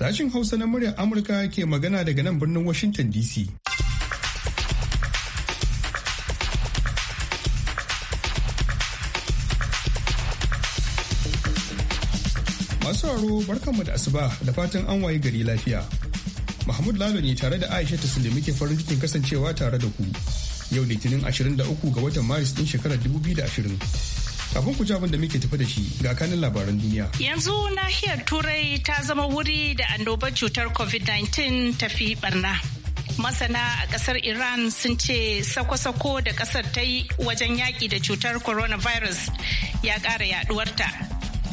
Sashin Hausa na muryar Amurka ke magana daga nan birnin Washington DC. Masu sauraro barkanmu da asuba da fatan an waye gari lafiya. Mahmud Lalo ne tare da Aisha Taslim muke farin cikin kasancewa tare da ku. Yau Litinin 23 ga watan Maris din shekarar 2020. Kafin ku ji abin da muke tafi da shi ga kanin labaran duniya. Yanzu nahiyar Turai ta zama wuri da annobar cutar COVID-19 ta fi barna. Masana a ƙasar Iran sun ce sako-sako da ƙasar ta yi wajen yaƙi da cutar coronavirus ya ƙara yaɗuwarta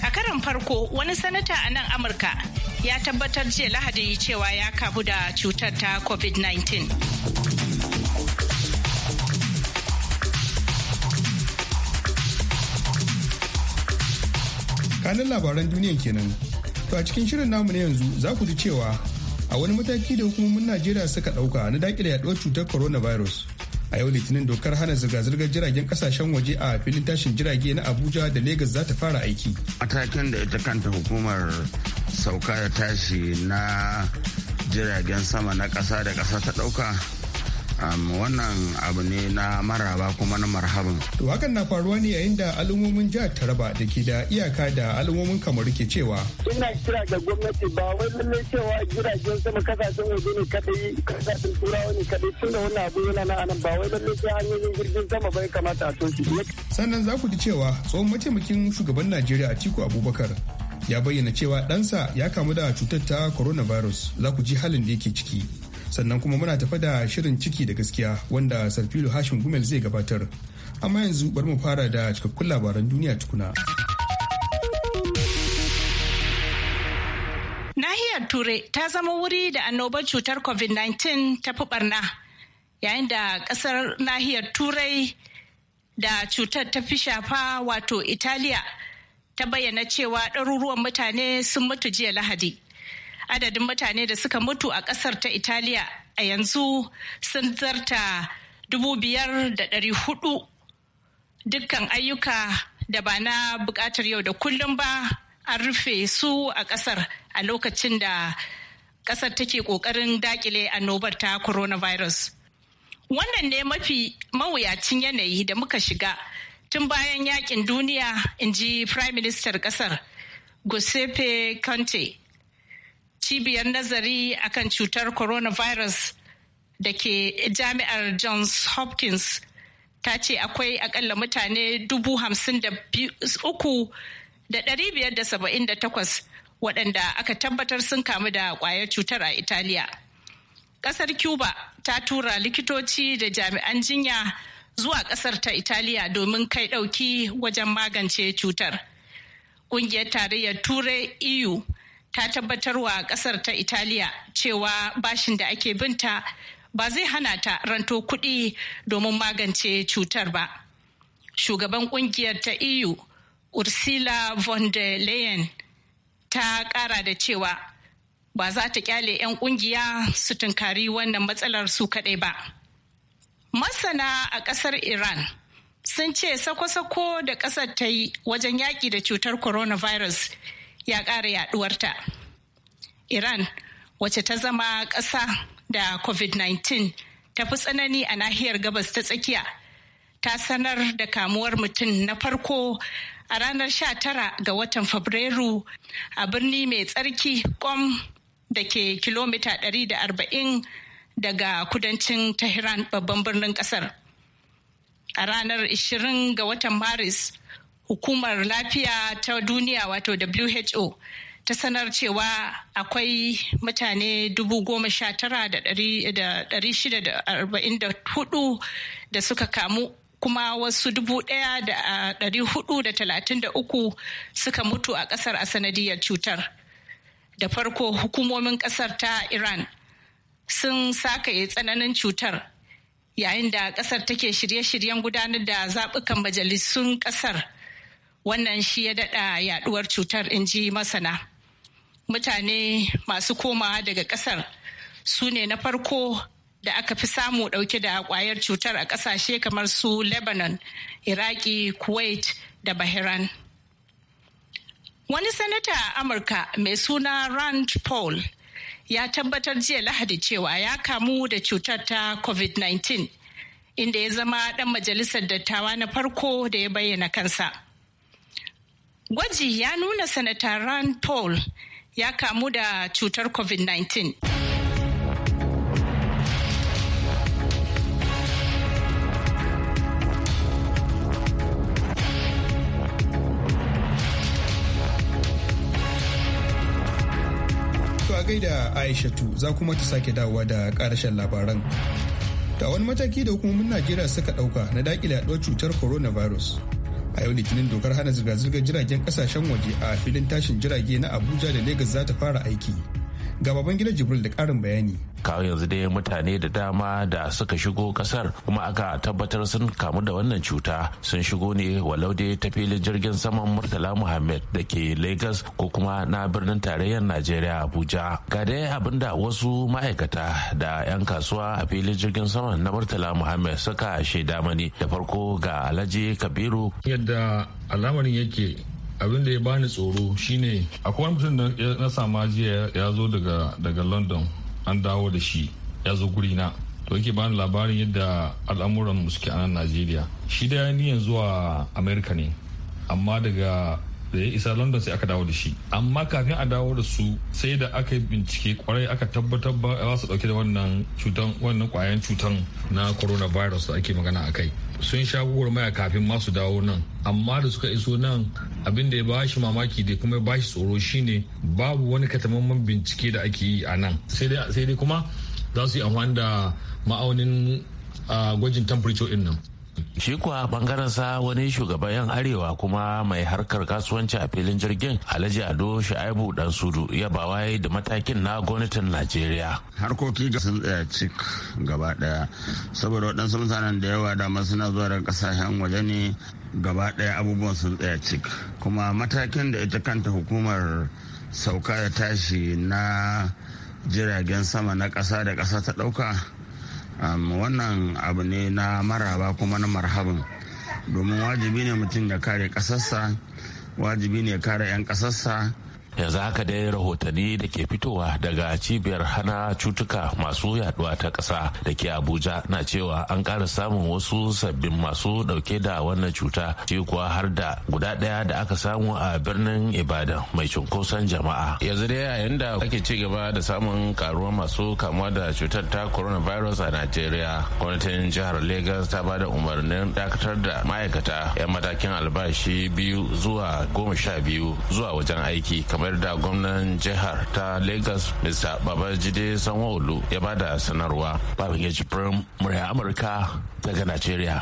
A karan farko wani sanata a nan Amurka ya tabbatar jiya lahadi cewa ya kamu da cutar ta COVID-19. ranar labaran duniyan kenan to a cikin shirin namu na yanzu za ku ji cewa a wani mataki da hukumomin najeriya suka ɗauka na dakile yaduwar cutar coronavirus a yau litinin dokar hana zirga-zirgar jiragen kasashen waje a filin tashin jirage na abuja da lagos za ta fara aiki matakin da ita kanta hukumar sauka da tashi na jiragen sama na ƙasa da ƙasa ta ɗauka wannan abu ne na maraba kuma na marhaban. To hakan na faruwa ne yayin da al'ummomin jihar Taraba da ke da iyaka da al'ummomin kamar ke cewa. Ina kira ga gwamnati ba wai lallai cewa jiragen sama kasashen waje ne kadai kasashen turawa ne kadai tun da wannan abu yana nan ba wai lallai sai hanyoyin jirgin sama bai kamata a toshe. Sannan za ku ji cewa tsohon mataimakin shugaban Najeriya Atiku Abubakar ya bayyana cewa ɗansa ya kamu da cutar ta coronavirus za ku ji halin da yake ciki. sannan kuma muna tafa da shirin ciki da gaskiya wanda sarfilo hashim gumel zai gabatar amma yanzu bari mu fara da cikakkun labaran duniya tukuna nahiyar turai ta zama wuri da annobar cutar covid-19 ta fi barna yayin da kasar nahiyar turai da cutar ta fi shafa wato italiya ta bayyana cewa ɗaruruwan mutane sun mutu jiya lahadi adadin mutane da suka mutu a kasar ta italiya a yanzu sun zarta dubu biyar da ɗari hudu dukkan ayyuka da ba na bukatar yau da kullum ba an rufe su a kasar a lokacin da kasar take kokarin dakile annobar ta coronavirus wannan ne mafi mawuyacin yanayi da muka shiga tun bayan yakin duniya in ji prime minister kasar giuseppe conte cibiyar nazari akan cutar coronavirus da ke jami'ar Johns Hopkins ta ce akwai akalla mutane dubu hamsin da uku da dari biyar da saba'in da takwas waɗanda aka tabbatar sun kamu da ƙwayar cutar a Italiya. Ƙasar Cuba ta tura likitoci da jami'an jinya zuwa ƙasar ta Italiya domin kai ɗauki wajen magance cutar. Ƙungiyar tarayyar Turai EU ta tabbatarwa kasar ta italiya cewa bashin da ake binta ba zai hana ta ranto kuɗi domin magance cutar ba shugaban kungiyar ta eu ursula von der leyen ta ƙara da cewa ba za ta kyale 'yan kungiya su tunkari wannan matsalar su kaɗai ba masana a ƙasar iran sun ce sako-sako da ƙasar ta yi wajen yaƙi da cutar coronavirus ya ƙara yaɗuwarta. Iran wace ta zama ƙasa da COVID-19 ta fi tsanani a nahiyar gabas ta tsakiya ta sanar da kamuwar mutum na farko a ranar 19 ga watan Fabrairu a birni mai tsarki kom da ke kilomita 140 daga kudancin Tehran babban birnin ƙasar, A ranar 20 ga watan Maris hukumar lafiya ta duniya wato who ta sanar cewa akwai mutane dubu goma sha tara da dari shida da arba'in da hudu da suka kamu kuma wasu dubu ɗaya da dari hudu da talatin da uku suka mutu a kasar a sanadiyar cutar da farko hukumomin kasar ta iran sun sakaye tsananin cutar yayin da kasar take shirye-shiryen gudanar da zaɓukan majalisun ƙasar wannan shi ya daɗa yaɗuwar cutar in ji masana mutane masu komawa daga ƙasar su ne na farko da aka fi samu ɗauke da ƙwayar cutar a ƙasashe kamar su lebanon iraki kuwait da bahiran wani sanata a amurka mai suna rand paul ya tabbatar jiya lahadi cewa ya kamu da cutar ta covid-19 inda ya zama ɗan majalisar dattawa na farko da ya bayyana kansa. Gwaji ya nuna Sanata Rand Paul ya kamu da cutar COVID-19. gaida aishatu za kuma ta sake dawowa da karashen labaran ta wani mataki da hukumomin najeriya suka dauka na dakile yaduwar cutar coronavirus a yau litinin dokar hana zirga-zirgar jiragen kasashen waje a filin tashin jirage na abuja da lagos za ta fara aiki ga baban gida jibril da karin bayani kawo yanzu dai mutane da dama da suka shigo kasar kuma aka tabbatar sun kamu da wannan cuta sun shigo ne walau dai ta filin jirgin saman murtala muhammad da ke lagos ko kuma na birnin tarayyar najeriya abuja ga dai abinda wasu ma'aikata da 'yan kasuwa a filin jirgin saman na murtala muhammad suka shaida mani da farko ga alhaji kabiru yadda al'amarin yake abin da ya bani tsoro shine akwai wani mutum da na sama jiya ya zo daga london an dawo da shi ya zo guri na to yake bani labarin yadda al'amuran suke a nan najeriya shi da ya niyan zuwa america ne amma daga da ya isa london sai aka dawo da shi amma kafin a dawo da su sai da aka yi bincike kwarai aka tabbatar ba za su dauke da wannan cutan wannan kwayan cutan na coronavirus da ake magana a kai sun sha maya kafin ma su dawo nan amma da suka iso nan abin da ya bashi mamaki da kuma ya bashi tsoro shine babu wani katamamman bincike da ake yi a nan sai dai kuma za su yi amfani da ma'aunin ah, gwajin temperature din nan shi kuwa bangaren sa wani shugaban yan arewa kuma mai harkar kasuwanci a filin jirgin alhaji ado sha'ibu dan sudu ya bawaye da matakin na gwamnatin najeriya harkoki da sun tsaya cik gaba daya saboda waɗansu mutanen da yawa masu suna zuwa daga kasashen waje ne gaba daya abubuwan sun tsaya cik kuma matakin da ita kanta hukumar sauka da tashi na jiragen sama na ƙasa da ƙasa ta ɗauka wannan abu ne na maraba kuma na marhabin domin wajibi ne mutum ya kare kasarsa wajibi ne ya kare 'yan ƙasarsa yanzu haka dai rahotanni da ke fitowa daga cibiyar hana cutuka masu yaduwa ta ƙasa da ke abuja na cewa an ƙara samun wasu sabbin masu ɗauke da wannan cuta ce kuwa har da guda ɗaya da aka samu a birnin ibadan mai cunkoson jama'a yanzu dai yayin da ake ci gaba da samun karuwar masu kamuwa da cutar ta coronavirus a najeriya gwamnatin jihar lagos ta ba da umarnin dakatar da ma'aikata 'yan matakin albashi biyu zuwa goma sha biyu zuwa wajen aiki kamar kamar da gwamnan jihar ta lagos mr babajide sanwo-olu ya bada sanarwa babangida jibrin murya amurka daga nigeria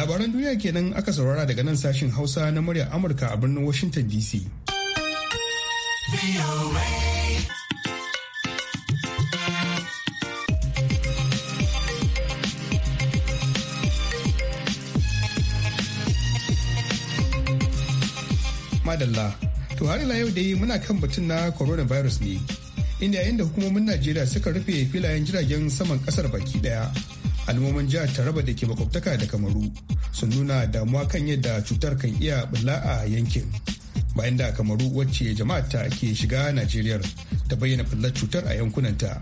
labaran duniya kenan aka saurara daga nan sashin hausa na murya amurka a birnin washington dc madalla to har ila yau dai muna kan batun na coronavirus ne inda yayin da hukumomin najeriya suka rufe filayen jiragen saman kasar baki daya al'ummomin jihar taraba da ke makwabtaka da kamaru sun nuna damuwa kan yadda cutar kan iya bulla a yankin bayan da kamaru wacce jama'a ta ke shiga najeriya ta bayyana bullar cutar a yankunanta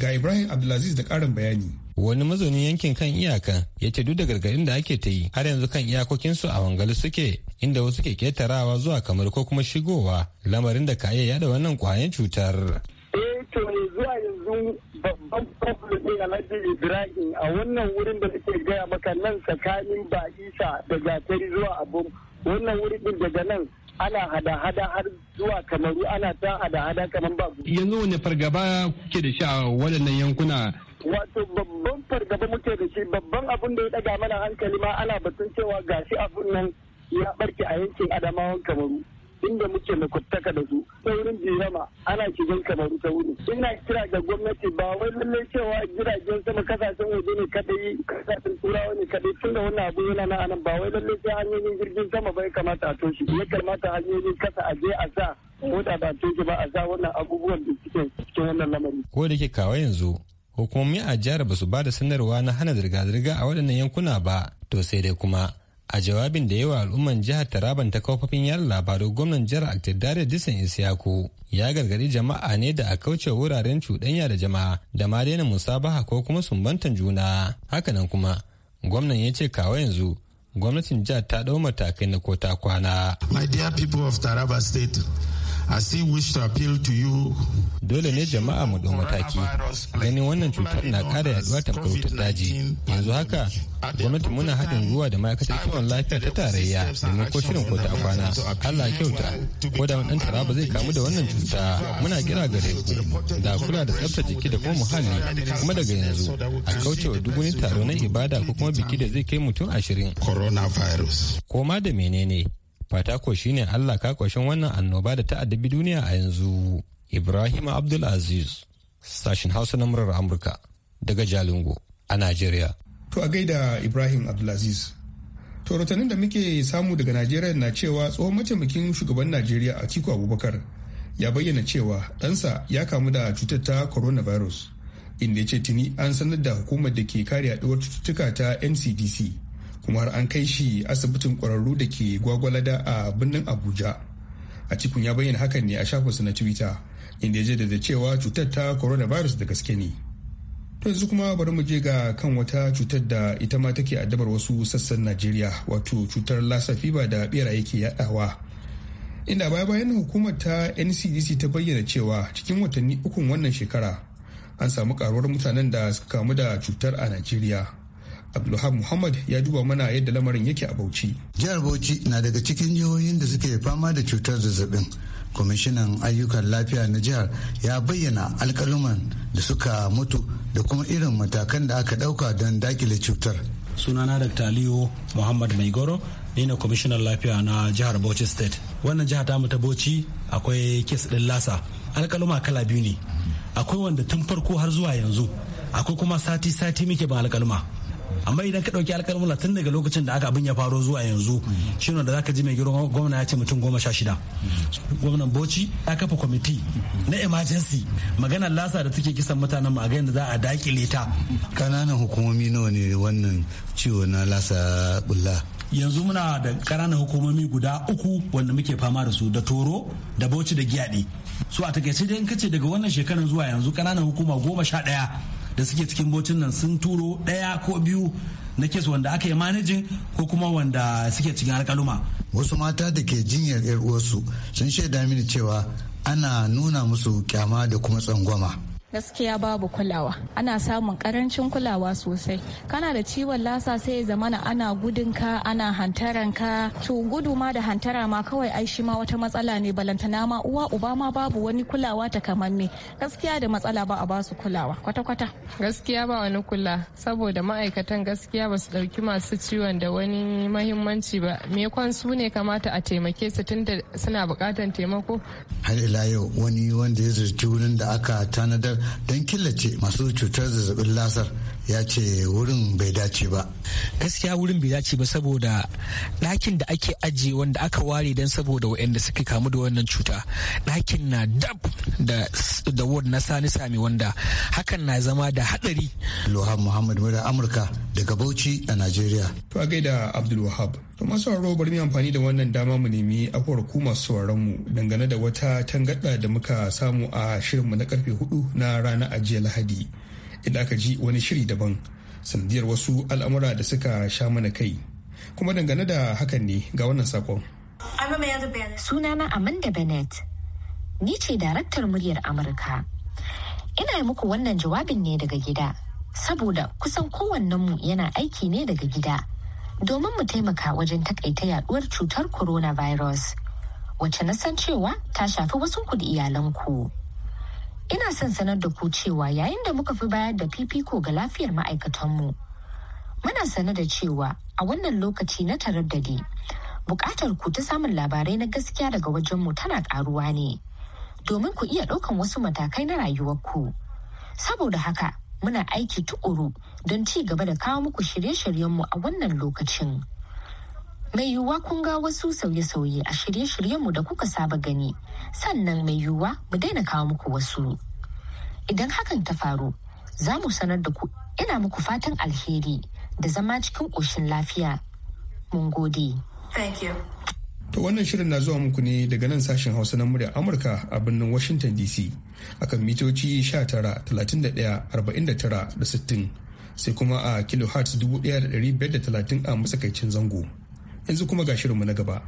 ga ibrahim abdulaziz da karin bayani wani mazaunin yankin kan iyaka ya ce duk da gargarin da ake ta yi har yanzu kan iyakokinsu a wangali suke inda wasu ke ketarawa zuwa kamar ko kuma shigowa lamarin da ka iya yada wannan kwayan cutar. eh to zuwa yanzu babban problem Alhaji Ibrahim a wannan wurin da suke gaya maka nan tsakanin ba isa da Gatari zuwa Abun wannan wurin din daga nan ana hada-hada har zuwa kamaru ana ta hada-hada kamar ba yanzu wani fargaba kuke da shi a waɗannan yankuna wato babban fargaba muke da shi babban abun da ya daga mana hankali ma ana batun cewa gashi abun nan ya barke a yankin adamawan kamaru inda muke kuttaka da su ta wurin jirama ana shigan kamaru ta wuri ina kira ga gwamnati ba wai lallai cewa jiragen sama kasashen waje ne kadai kasashen turawa ne kadai da wannan abu yana na anan ba wai lallai sai hanyoyin jirgin sama bai kamata a toshe ya kamata hanyoyin kasa a je a sa mota ba toshe ba a sa wannan abubuwan da suke cikin wannan lamari. ko da ke kawo yanzu hukumomi a jihar ba su ba da sanarwa na hana zirga-zirga a waɗannan yankuna ba to sai dai kuma a jawabin da yawa al'umman jihar taraban ta kafofin yada labaru gwamnan jihar aktidare disan isiyaku ya gargadi jama'a ne da a kauce wuraren cuɗanya da jama'a da ma daina musabaha ko kuma sumbantan juna hakanan kuma gwamnan ya ce kawo yanzu gwamnatin jihar ta ɗau matakai na ko ta kwana my dear people of taraba state I still wish to appeal to you dole ne jama'a mu dau mataki ganin wannan cutar na ƙara yaduwa ta daji yanzu haka gwamnati muna haɗin gwiwa da ma'aikatar kiwon lafiya ta tarayya domin ko shirin ko ta kwana allah kyauta ko da wani taraba zai kamu da wannan cuta muna kira gare ku da kula da tsaftar jiki da kuma muhalli kuma daga yanzu a kaucewa duk wani taro na ibada ko kuma biki da zai kai mutum ashirin coronavirus ko ma da menene fata ko shine Allah ka kwashin wannan annoba da ta addabi duniya a yanzu Ibrahim Abdul Aziz sashin Hausa na murar Amurka daga Jalingo a Najeriya to a gaida Ibrahim Abdul Aziz to da muke samu daga Najeriya na cewa tsohon mataimakin shugaban Najeriya a Atiku Abubakar ya bayyana cewa ɗansa ya kamu da cutar ta coronavirus inda ya ce tuni an sanar da hukumar da ke kare yaduwar cututtuka ta ncdc kuma har an kai shi asibitin ƙwararru da ke gwagwalada a birnin abuja a cikin ya bayyana hakan ne a shafinsa na twitter inda ya jaddada cewa cutar ta coronavirus da gaske ne to yanzu kuma bari mu je ga kan wata cutar da ita ma take addabar wasu sassan najeriya wato cutar lassa fever da beraye ke yadawa inda baya bayan hukumar ta ncdc ta bayyana cewa cikin watanni ukun wannan shekara an samu karuwar mutanen da suka kamu da cutar a najeriya abdulhab muhammad ya duba mana yadda lamarin yake a bauchi jihar bauchi na daga cikin jihohin da suke fama da cutar zazzabin kwamishinan ayyukan lafiya na jihar ya bayyana alkaluman da suka mutu da kuma irin matakan da aka dauka don dakile cutar sunana da aliyu muhammad maigoro ni ne kwamishinan lafiya na jihar bauchi state wannan jihar tamu ta bauchi akwai kes din lasa alkaluma kala biyu ne akwai wanda tun farko har zuwa yanzu akwai kuma sati sati muke ban alkaluma amma idan ka ɗauki alƙalmula tun daga lokacin da aka abin ya faro zuwa yanzu shi da ka ji mai girma gwamna ya ce mutum goma sha shida gwamnan bauchi ya kafa kwamiti na emergency Magana lasa da take kisan mutanen a da za a dakile ta kananan hukumomi nawa ne wannan ciwo na lasa bulla yanzu muna da ƙananan hukumomi guda uku wanda muke fama da su da toro da bauchi da giyaɗe su a takaice dai in kace daga wannan shekarar zuwa yanzu ƙananan hukuma goma sha ɗaya da suke cikin bocin nan sun turo ɗaya ko biyu na kes wanda aka yi manajin ko kuma wanda suke cikin alkaluma. wasu mata da ke jinyar 'yar uwarsu sun shaida mini cewa ana nuna musu kyama da kuma tsangwama. gaskiya babu kulawa ana samun karancin kulawa sosai kana da ciwon lasa sai ya zamana ana gudun ka ana hantaran ka to gudu ma da hantara ma kawai ai shi ma wata matsala ne balantana ma uwa uba ma babu wani kulawa ta kamar ne gaskiya da matsala ba a basu kulawa kwata-kwata gaskiya ba wani kula saboda ma'aikatan gaskiya ba su dauki masu ciwon da wani mahimmanci ba me kwan su ne kamata a taimake su tunda suna bukatan taimako har ila yau wani wanda ya zurci wurin da aka tanadar don killace masu cutar zazzabin lasar ya ce wurin bai dace ba gaskiya wurin bai dace ba saboda ɗakin da ake ajiye wanda aka ware don saboda waɗanda suka kamu da wannan cuta ɗakin na dab da da ward na sani sami wanda hakan na zama da hadari Luhab Muhammad Mura Amurka daga Bauchi a Najeriya. To a gaida Abdul Wahab. To masu sauraro bari mu amfani da wannan dama mu nemi afuwar ku masu sauraron mu dangane da wata tangarda da muka samu a shirinmu na karfe hudu na ranar ajiya Lahadi. Inda aka ji wani shiri daban sanadiyar wasu al'amura da suka sha mana kai. Kuma dangane da hakan ne ga wannan sakon. Sunana Amanda Bennett. ni ce daraktar muryar Amurka. Ina yi muku wannan jawabin ne daga gida, saboda kusan kowannenmu yana aiki ne daga gida, domin mu taimaka wajen takaita yaduwar cutar coronavirus, wacce na san cewa ta shafi wasu ku da iyalanku. Ina son sanar da ku cewa yayin da muka fi bayar da fifiko ga lafiyar ma'aikatanmu, muna sane da cewa a wannan lokaci na taraddadi Buƙatar ku ta samun labarai na gaskiya daga wajenmu tana ƙaruwa ne domin ku iya ɗaukan wasu matakai na rayuwarku. Saboda haka muna aiki tukuru don ci gaba da kawo muku shirye-shiryenmu a wannan lokacin. Mai yiwuwa kun ga wasu sauye-sauye a shirye-shiryenmu da kuka saba gani, sannan mai yiwuwa mu daina kawo muku wasu. Idan hakan ta faru, za mu sanar da ku ina muku fatan alheri da zama cikin ƙoshin lafiya. Mun gode. Thank you. To wannan shirin na zuwa muku ne daga nan sashen Hausa na muryar Amurka a birnin Washington DC akan mitoci 19,31,49 da 60 sai kuma a kilohertz 1,530 a matsakaicin zango. Yanzu kuma ga shirinmu na gaba.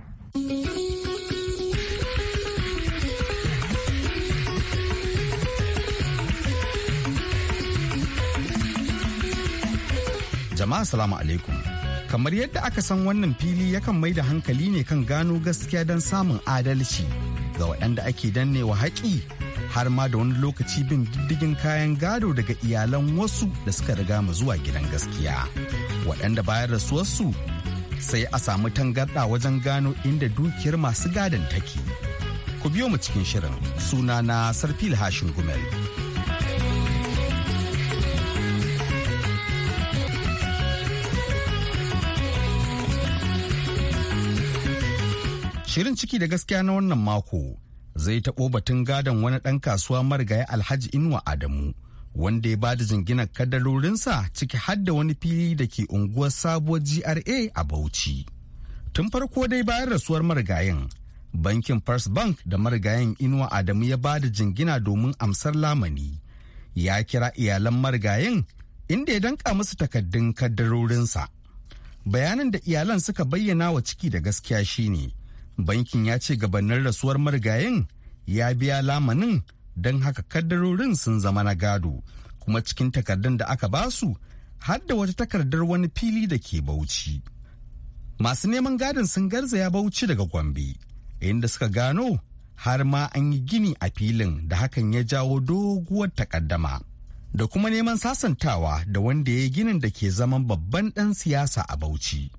Jama'a salamu alaikum. kamar yadda aka san wannan fili yakan mai da hankali ne kan gano gaskiya don samun adalci ga waɗanda ake dannewa haƙi har ma da wani lokaci bin diddigin kayan gado daga iyalan wasu da suka riga mu zuwa gidan gaskiya waɗanda bayar bayan rasuwarsu sai a samu tangarɗa wajen gano inda dukiyar masu gadon take ku biyo mu cikin shirin sunana sarfil hashin gumel Shirin ciki da gaskiya na wannan mako zai taɓo batun gadon wani ɗan kasuwa marigayi Alhaji Inuwa Adamu wanda ya bada jinginar kadarorinsa ciki har da wani fili da ke unguwar sabuwar GRA a Bauchi. Tun farko dai bayan rasuwar marigayin, bankin First Bank da marigayin Inuwa Adamu ya bada jingina domin amsar lamani. Ya kira iyalan marigayin inda ya danka musu takaddun kadarorinsa. Bayanin da iyalan suka bayyana wa ciki da gaskiya shine bankin ya ce gabanin rasuwar marigayin ya biya lamanin don haka kaddarorin sun zama na gado kuma cikin takardun da aka basu har da wata takardar wani fili da ke bauchi masu neman gadon sun garzaya bauchi daga gombe inda suka gano har ma an yi gini a filin da hakan ya jawo doguwar takaddama da kuma neman sasantawa da wanda ya yi ginin da ke zaman babban dan siyasa a bauchi.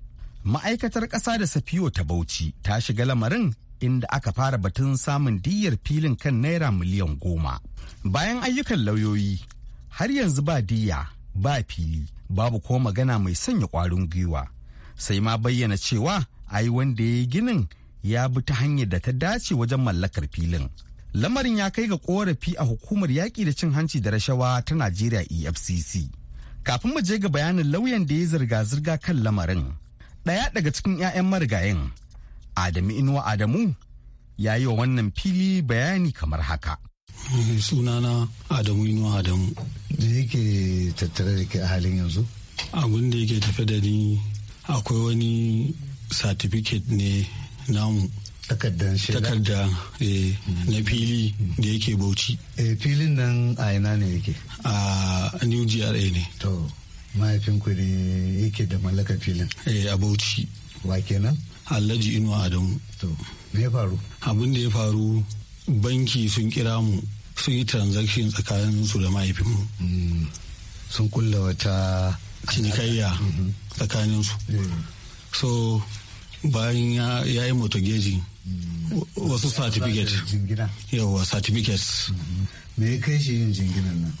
ma'aikatar ƙasa da safiyo ta bauchi ta shiga lamarin inda aka fara batun samun diyyar filin kan naira miliyan goma bayan ayyukan lauyoyi har yanzu ba diyya ba fili babu ko magana mai sanya ƙwarin gwiwa sai ma bayyana cewa ai wanda ya yi ginin ya bi ta hanyar da ta dace wajen mallakar filin lamarin ya kai ga korafi a hukumar yaƙi da cin hanci da rashawa ta najeriya efcc kafin mu je ga bayanin lauyan da ya zirga-zirga kan lamarin ɗaya daga cikin 'ya'yan marigayen adamu inuwa adamu ya yi wa wannan fili bayani kamar haka sunana adamu inuwa adamu da yake tattare da ke halin yanzu abin da yake tafe da ni akwai wani satifiket ne namu takardar takarda eh, hmm. na fili da yake bauchi eh, filin nan a ina ne yake a new gra ne to ku da yake da mallakar filin eh a bauchi wa kenan alhaji Inu adamu to me ya faru abin da ya faru banki sun kira mu sun yi transaction tsakanin su da mu. Hmm, sun kulla wata cinikayya mm-hmm. tsakanin su eh. so bayan ya yi geji hmm. wasu certificate yawa certificates mm-hmm. me ya kai shi yin jinginan nan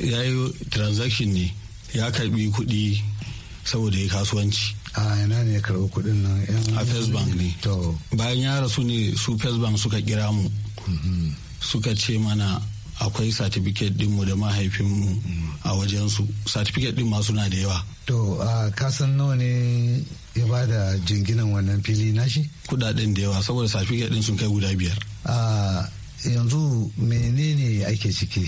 ya yi transaction ne ya karbi kuɗi saboda ya kasuwanci a ina ne ya karbi kuɗin nan a first bank ne bayan ya rasu ne su first bank suka kira mu mm-hmm. suka ce mana akwai certificate dinmu da mahaifinmu a wajensu certificate din masu na da yawa to a kasan nawa ne ya ba da jinginan wannan fili nashi kudaden da yawa saboda certificate din sun kai guda biyar a yanzu menene ake ciki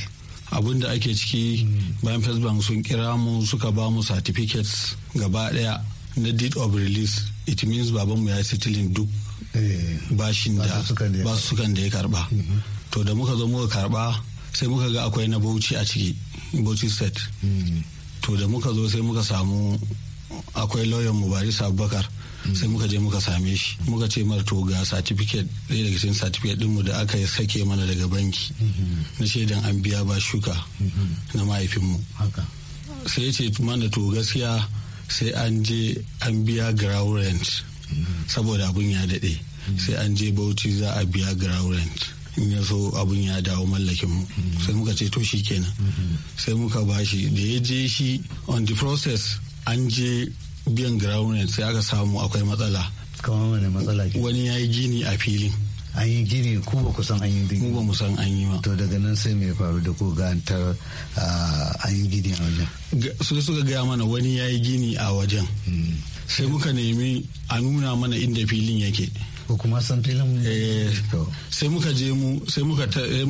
abin da ake ciki bayan first bank sun kira mu suka ba mu certificates gaba daya na deed of release it means mu ya sitilin duk eh, bashin da sukan da ya karba mhm. to da muka zo muka karba sai muka ga akwai na bauchi a ciki bauchi set mhm. to da muka zo sai muka samu akwai lauyan mu barisa abubakar hmm. sai muka je muka same shi muka ce mar to ga certificate ɗaya daga cikin certificate ɗinmu da aka sake mana daga banki hmm. na shaidan an biya ba shuka hmm. na mahaifinmu sai ce mana to gaskiya sai an je an biya ground rent saboda abun ya daɗe sai an je bauchi za a biya ground rent in ya so abun ya dawo mallakin mu sai muka ce to shi kenan sai muka bashi da ya je shi on the process an je biyan ground sai aka samu akwai matsala kamar wani matsala wani ya yi gini a filin an yi gini ku ba ku san an yi gini ba mu san an yi ma. to daga nan sai mai faru da ko antar an yi gini a wajen su suka gaya mana wani ya yi gini a wajen hmm. sai muka nemi a nuna mana inda filin yake ko kuma san filin eh, sai muka je mu sai muka eh,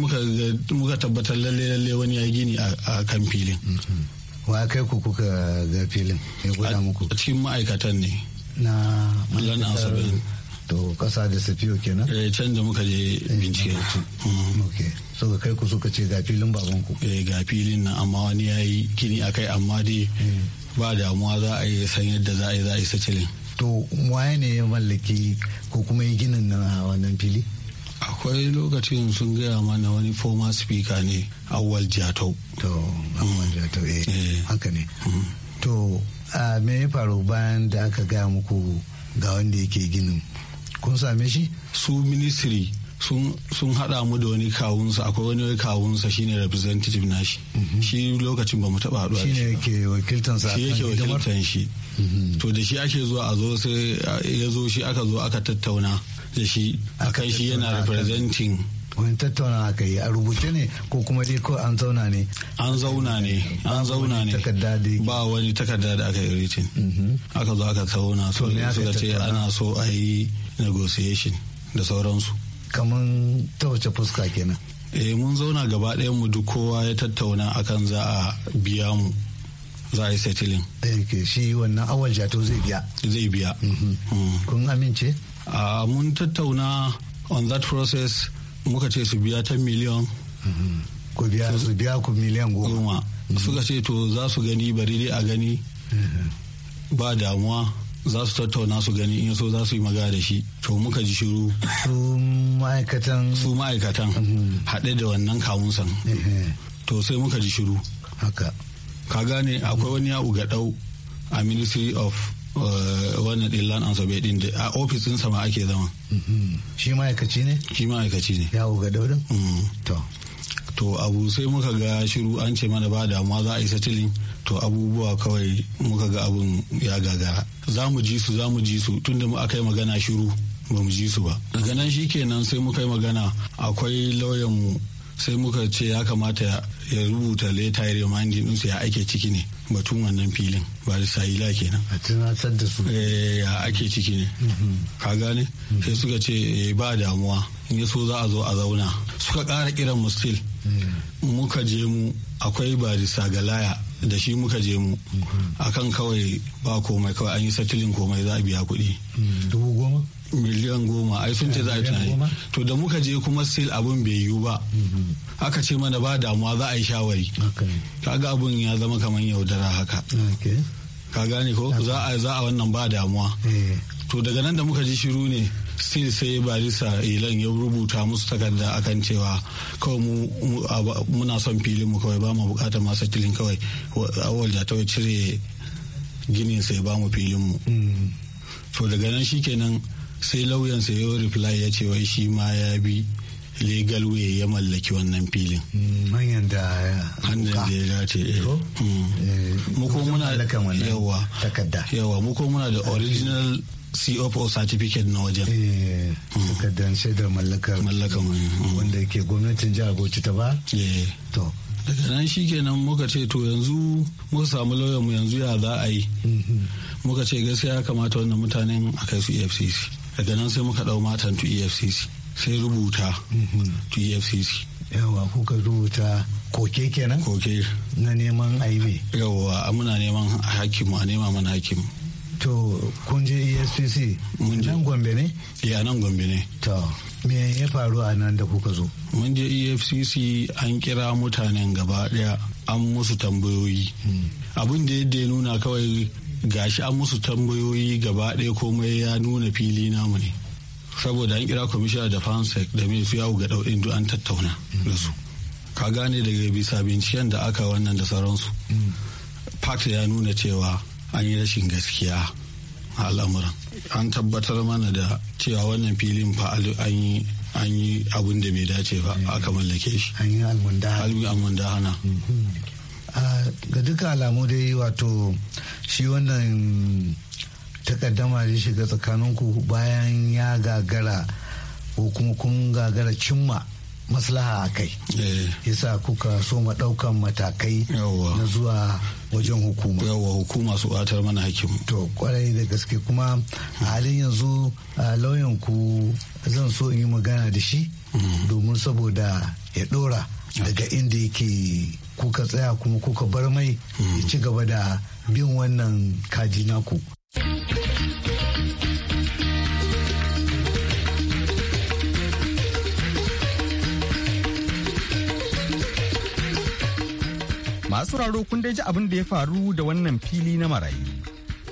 muka tabbatar lalle lalle wani ya yi gini a kan filin hmm. wa kai ku kuka ga filin ya gwada muku a cikin ma'aikatan ne na mallan asabin to kasa da safiyo kenan eh can da muka je eh, bincike mm-hmm. okay so ga kai ku suka ce ga filin baban ku eh ga filin na amma wani yayi gini akai amma dai eh. ba damuwa za a yi san yadda za a yi za a to waye ne ya mallaki ko kuma yi ginin na wannan fili akwai lokacin sun gaya mana wani former speaker ne awal jatau to awal jatau eh, eh haka ne mm. to me ya faru bayan da aka gaya muku ga wanda yake ginin kun same shi su ministry sun hada mu da wani kawunsa akwai wani kawunsa shine representative nashi mm-hmm. shi lokacin ba mu taɓa haɗuwa shi ne ke wakiltan sa shi yake wakiltan shi mm-hmm. to da shi ake zuwa a zo sai ya zo shi aka zo aka tattauna da shi a kai shi yana representing wani tattauna aka yi a rubuce ne ko kuma dai ko an zauna ne an zauna ne an zauna ne ba wani takarda da aka yi ritin mhm. aka zo aka zauna so ne suka ce ana so a yi negotiation da sauransu kamar ta wace fuska kenan eh mun zauna gaba ɗayan mu duk kowa ya tattauna akan za a biya mu za a yi settling eh, shi wannan awal jato zai biya zai biya mhm. mm. kun amince mun tattauna on that process muka ce su biya ta miliyan mm-hmm. ku biya su biya ku miliyan goma mm-hmm. suka ce to za su gani bari dai a gani mm-hmm. ba damuwa za su tattauna su gani in so za su yi magana da shi to muka ji shiru su ma'aikatan su ma'aikatan haɗe da wannan kawunsan to sai muka ji shiru haka ka gane akwai wani ya uga ɗau a ministry of Eh, wannan din land and survey din a ofis sama ake zama mhm. shi ma'aikaci ne shi ma'aikaci ne yawo ga daurin mm. to to abu sai muka ga shiru an ce mana ba damuwa za a yi satilin to abubuwa kawai muka ga abun ya gagara za mu ji su za mu ji su tunda mu aka yi magana shiru ba mu ji su ba daga nan shi kenan sai muka yi magana akwai lauyan mu sai muka ce ya kamata ya rubuta leta ya reminding ɗinsu ya aike ciki ne batun wannan filin ba da sahila kenan a tunatar da eh, ake ciki ne ka gane sai suka ce eh, ba damuwa in ya so za a zo a zauna suka ƙara kiran mu muka je mu akwai barisa galaya da shi muka je mu mm-hmm. akan kawai ba komai kawai an yi satilin komai za a biya kuɗi miliyan goma ai sun ce za a yi tunani to da muka je kuma sil abin bai yiwu ba mm-hmm. aka ce mana ba damuwa za a yi shawari kaga abin ya zama kamar yaudara haka ka gane ko za a za a wannan ba damuwa eh. to daga nan da muka ji shiru ne sil sai barisa ilan ya rubuta musu takarda akan cewa kawai mu muna son filin mu kawai ba mu bukatar masu kawai awal da ta cire ginin sai ba mu filin mu mm-hmm. to daga nan shikenan sai lauyansa ya reply ya ce wai shi ma ya bi legal way ya mallaki wannan filin. Mm, manyan da hannun da ya dace. Muko eh. mm. eh, muna yawa takarda. Yawa muko muna da original COPO certificate na wajen. Eh, mm. takaddan shaidar mallakar mallakan wanda ke gwamnatin jihar Bauchi ta ba? To. Daga nan shi kenan muka ce to yanzu muka samu mu yanzu ya za a yi. Mm-hmm. Muka ce gaskiya ya kamata wannan mutanen a kai su EFCC. daga nan sai muka dau matan to efcc sai rubuta to efcc yawa kuka rubuta koke kenan koke na neman aibe yawa muna neman hakimu a nema mana mu. to kun je efcc Mun nan gombe ne ya nan gombe ne to me ya faru a nan da kuka zo mun je efcc an kira mutanen gaba daya an musu tambayoyi hmm. abin da yadda ya nuna kawai gashi an musu tambayoyi gaba ɗaya komai ya nuna fili namu ne saboda an kira kwamishina da sek da mai su yawo ga ɗauɗin duk an tattauna da su ka gane daga bisa binciken da aka wannan da sauransu fact ya nuna cewa an yi rashin gaskiya a al'amuran an tabbatar mana da cewa wannan filin fa an yi an yi abin da bai dace ba aka mallake shi an yi almundahana mhm. ga duka alamu dai wato shi wannan takaddama da shiga tsakaninku bayan ya gagara ko kuma kun gagara cimma maslaha a kai eh. yasa kuka so ma daukan matakai na zuwa wajen hukuma yawa hukuma su batar mana hakimu to kwarai da gaske kuma a halin yanzu lauyan ku zan so in yi magana da shi mm. domin saboda ya ɗora daga inda yake kuka tsaya kuma kuka bar mai ya ci gaba da bin wannan kaji naku. masu raro kun dai ji abin da ya faru da wannan fili na marayu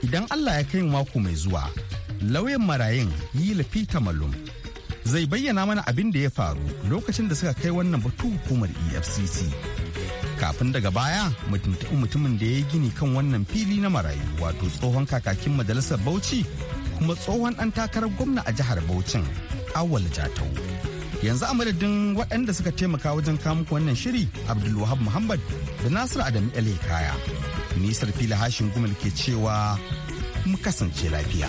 idan allah ya kai mako mai zuwa lauyan marayun yi lafita malum zai bayyana mana abin da ya faru lokacin da suka kai wannan batu hukumar efcc kafin daga baya mutumin da ya yi gini kan wannan fili na marayu wato tsohon kakakin majalisar bauchi kuma tsohon ɗan takarar gwamna a jihar Bauchin awal jatau yanzu a madadin waɗanda suka taimaka wajen kamun wannan shiri abdulwahab muhammad da nasiru Adamu ele nisar fili hashin gumul ke cewa mu kasance lafiya.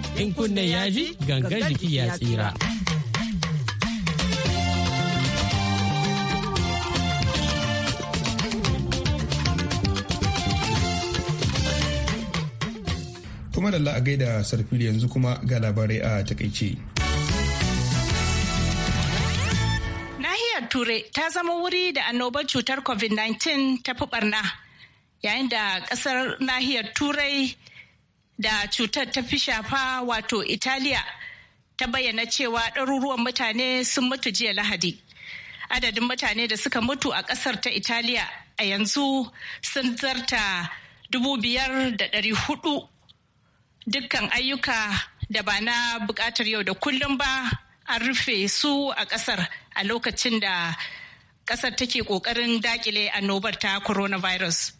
in kunne ya ji gangar jiki ya tsira. kuma da la'a gaida sarfili yanzu kuma ga labarai a takaice. Nahiyar Turai ta zama wuri da annobar cutar COVID-19 ta fi barna, yayin da kasar nahiyar Turai da cutar ta fi shafa wato Italiya ta bayyana cewa ɗaruruwan mutane sun mutu jiya Lahadi. Adadin mutane da suka mutu a ƙasar ta Italiya a yanzu sun zarta dubu biyar da ɗari hudu dukkan ayyuka da ba na buƙatar yau da kullum ba an rufe su a ƙasar a lokacin da ƙasar take ƙoƙarin dakile annobar ta coronavirus.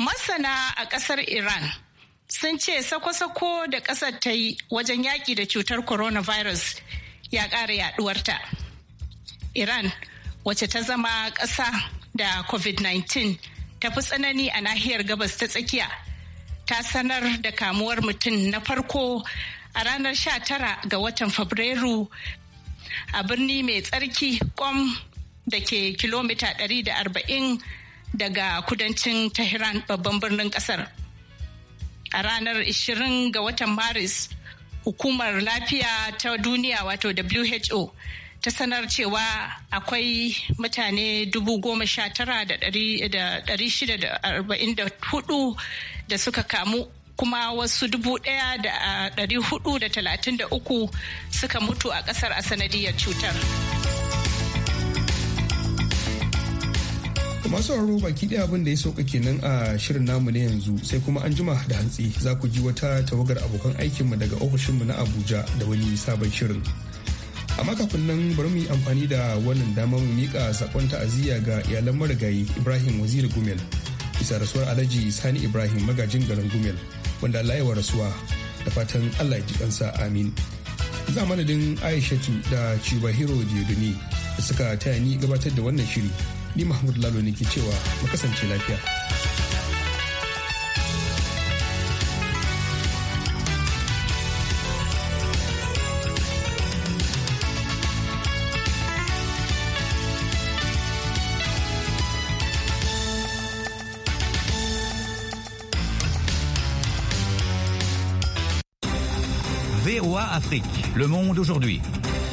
Masana a ƙasar Iran sun ce sako-sako da ƙasar ta yi wajen yaƙi da cutar coronavirus ya ƙara yaɗuwarta. Iran, wacce ta zama ƙasa da COVID-19 ta fi tsanani a nahiyar gabas ta tsakiya, ta sanar da kamuwar mutum na farko a ranar 19 ga watan Fabrairu a birni mai tsarki kom da ke kilomita 140 daga kudancin Tehran babban birnin ƙasar. a ranar 20 ga watan maris hukumar lafiya ta duniya wato who ta sanar cewa akwai mutane dubu da suka kamu kuma wasu dubu da suka mutu a kasar a sanadiyar cutar. masu sauraro baki ɗaya abin da ya sauka kenan a shirin namu na yanzu sai kuma an jima da hantsi za ku ji wata tawagar abokan aikinmu daga ofishinmu na abuja da wani sabon shirin a kafin nan bari mu yi amfani da wannan damar mu mika sakon ta'aziyya ga iyalan marigayi ibrahim waziri gumel isa rasuwar alhaji sani ibrahim magajin garin gumel wanda allah ya rasuwa da fatan allah ya ji kansa amin za madadin aishatu da cibahiro ne da suka taya ni gabatar da wannan shiri ni mahmud lalo ne ke cewa mu kasance lafiya VOA Afrique, le monde aujourd'hui.